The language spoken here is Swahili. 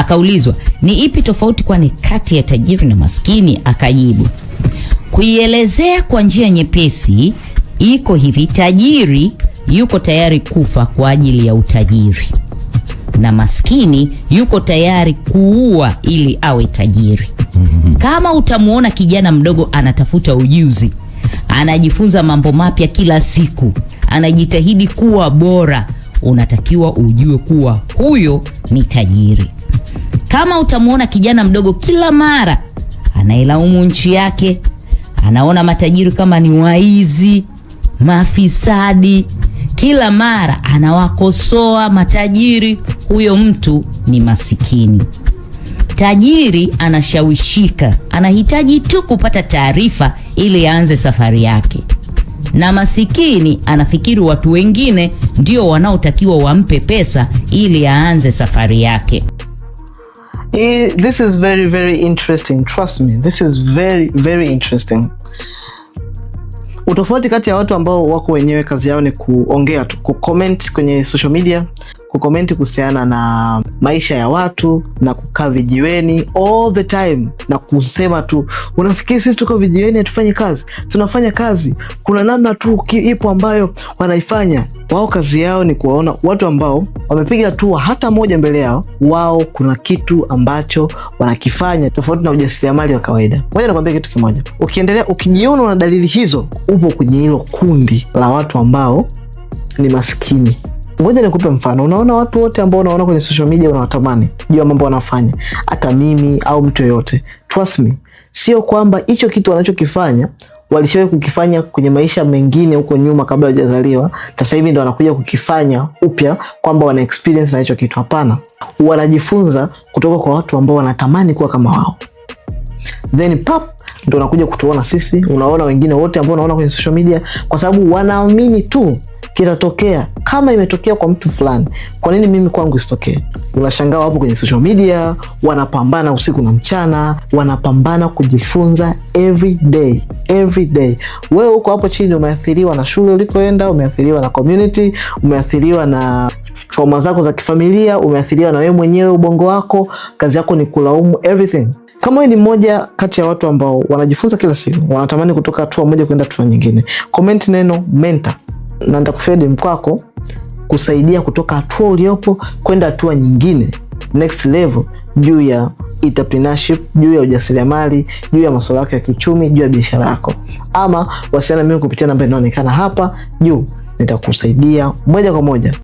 Akaulizwa ni ipi tofauti kwani kati ya tajiri na maskini, akajibu kuielezea kwa njia nyepesi iko hivi: tajiri yuko tayari kufa kwa ajili ya utajiri na maskini yuko tayari kuua ili awe tajiri. Mhm. Kama utamwona kijana mdogo anatafuta ujuzi, anajifunza mambo mapya kila siku, anajitahidi kuwa bora, unatakiwa ujue kuwa huyo ni tajiri. Kama utamwona kijana mdogo kila mara anailaumu nchi yake, anaona matajiri kama ni waizi, mafisadi, kila mara anawakosoa matajiri, huyo mtu ni masikini. Tajiri anashawishika, anahitaji tu kupata taarifa ili aanze safari yake, na masikini anafikiri watu wengine ndio wanaotakiwa wampe pesa ili aanze safari yake. It, this is very, very interesting. Trust me, this is very, very interesting. Utofauti kati ya watu ambao wako wenyewe kazi yao ni kuongea tu, kucomment kwenye social media kukomenti kuhusiana na maisha ya watu na kukaa vijiweni all the time na kusema tu, unafikiri sisi tuko vijiweni hatufanyi kazi? Tunafanya kazi. Kuna namna tu ipo ambayo wanaifanya wao. Kazi yao ni kuwaona watu ambao wamepiga hatua hata moja mbele yao, wao kuna kitu ambacho wanakifanya tofauti na ujasiriamali wa kawaida. Moja, nakuambia kitu kimoja, ukiendelea ukijiona na dalili hizo, upo kwenye hilo kundi la watu ambao ni maskini. Ngoja nikupe mfano. Unaona watu wote ambao unaona kwenye social media unawatamani juu ya mambo wanafanya, hata mimi au mtu yoyote, trust me, sio kwamba hicho kitu wanachokifanya walishawahi kukifanya kwenye maisha mengine huko nyuma kabla hawajazaliwa. Sasa hivi ndo wanakuja kukifanya upya kwamba wana experience na hicho kitu. Hapana, wanajifunza kutoka kwa watu ambao wanatamani kuwa kama wao, then pap ndo wanakuja kutuona sisi, unaona wengine wote ambao unaona kwenye social media, kwa sababu wanaamini tu kitatokea. Kama imetokea kwa mtu fulani, kwa nini mimi kwangu isitokee? Unashangaa wapo kwenye social media, wanapambana usiku na mchana, wanapambana kujifunza every day, every day. Wewe huko hapo chini umeathiriwa na shule ulikoenda, umeathiriwa na community, umeathiriwa na trauma zako za kifamilia, umeathiriwa na wewe mwenyewe ubongo wako. Kazi yako ni kulaumu everything. Kama ni mmoja kati ya watu ambao wanajifunza kila siku, wanatamani kutoka hatua moja kwenda hatua nyingine, comment neno mentor na kufedi mkwako kwako kusaidia kutoka hatua uliopo kwenda hatua nyingine next level juu ya entrepreneurship, juu ya ujasiriamali, juu ya masuala yako ya kiuchumi, juu ya biashara yako, ama wasiliana mimi kupitia namba inayoonekana hapa juu, nitakusaidia moja kwa moja.